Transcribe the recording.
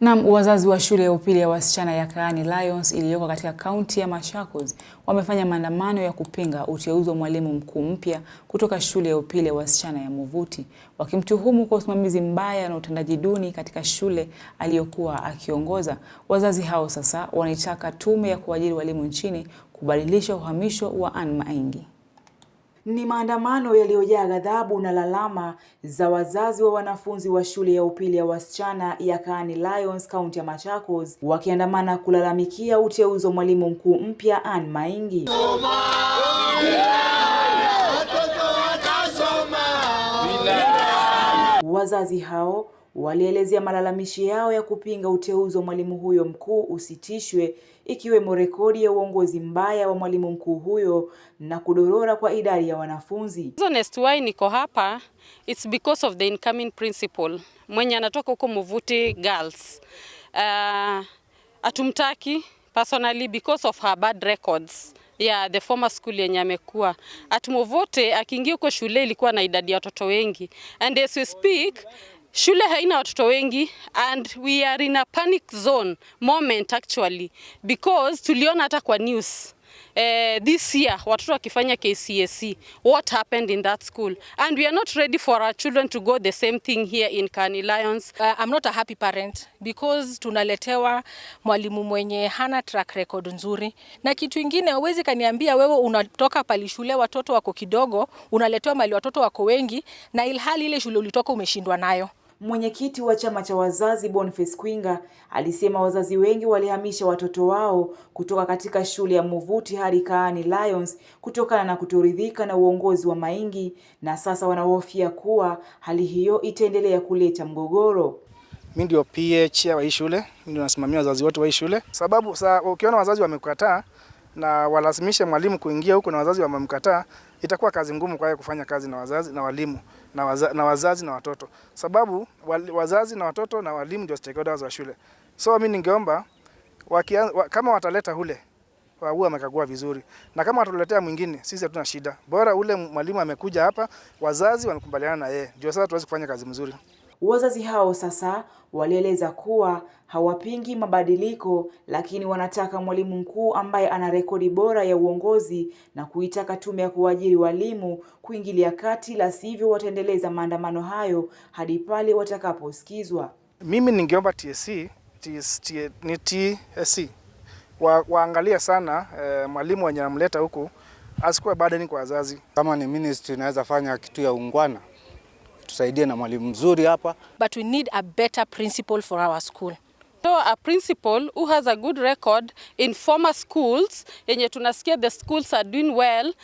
Naam, wazazi wa shule ya upili ya wasichana ya Kaani Lions iliyoko katika kaunti ya Machakos wamefanya maandamano ya kupinga uteuzi wa mwalimu mkuu mpya kutoka shule ya upili ya wasichana ya muvuti wakimtuhumu kwa usimamizi mbaya na utendaji duni katika shule aliyokuwa akiongoza. Wazazi hao sasa wanaitaka tume ya kuajiri walimu nchini kubadilisha uhamisho wa Ann Maingi. Ni maandamano yaliyojaa ghadhabu na lalama za wazazi wa wanafunzi wa shule ya upili ya wasichana ya Kaani Lions kaunti ya Machakos wakiandamana kulalamikia uteuzi wa mwalimu mkuu mpya Anne Maingi. Wazazi hao walielezea malalamishi yao ya kupinga uteuzi wa mwalimu huyo mkuu usitishwe, ikiwemo rekodi ya uongozi mbaya wa mwalimu mkuu huyo na kudorora kwa idadi ya wanafunzi. Honest why niko hapa, it's because of the incoming principal mwenye anatoka huko Mvuti Girls. Uh, atumtaki personally because of her bad records ya yeah, the former school yenye amekuwa at Muvuti. Akiingia huko shule ilikuwa na idadi ya watoto wengi and as we speak Shule haina watoto wengi and we are in a panic zone moment actually because tuliona hata kwa news Uh, this year watoto wakifanya KCSE what happened in that school and we are not ready for our children to go the same thing here in Kani Lions. Uh, I'm not a happy parent because tunaletewa mwalimu mwenye hana track record nzuri, na kitu ingine huwezi kaniambia wewe unatoka pali shule watoto wako kidogo, unaletewa mali watoto wako wengi, na ilhali ile shule ulitoka umeshindwa nayo. Mwenyekiti wa chama cha wazazi Boniface Kwinga alisema wazazi wengi walihamisha watoto wao kutoka katika shule ya Muvuti hadi Kaani Lions kutokana na kutoridhika na uongozi wa Maingi, na sasa wanahofia kuwa hali hiyo itaendelea kuleta mgogoro. Mimi ndio PH wa hii shule, mimi ndio nasimamia wazazi wote wa hii shule. Sababu sa, ukiona wazazi wamekataa na walazimishe mwalimu kuingia huko na wazazi wamemkataa, itakuwa kazi ngumu kwa kufanya kazi na wazazi na walimu na, waza, na wazazi na watoto, sababu wazazi na watoto na walimu ndio stakeholders wa shule. So mimi ningeomba wakia, wa, kama wataleta ule wau amekagua vizuri, na kama watuletea mwingine, sisi hatuna shida, bora ule mwalimu amekuja hapa, wazazi wanakubaliana na yeye, ndio sasa tuweze kufanya kazi mzuri. Wazazi hao sasa walieleza kuwa hawapingi mabadiliko, lakini wanataka mwalimu mkuu ambaye ana rekodi bora ya uongozi na kuitaka tume ya kuajiri walimu kuingilia kati, la sivyo wataendeleza maandamano hayo hadi pale watakaposikizwa. Mimi ningeomba TSC, TSC, ni TSC wa, waangalia sana eh, mwalimu wenye anamleta huku asikuwe badeni kwa wazazi. Kama ni ministry inaweza fanya kitu ya ungwana tusaidie na mwalimu mzuri hapa. But we need a better principal for our school. So a principal who has a good record in former schools yenye tunasikia the schools are doing well.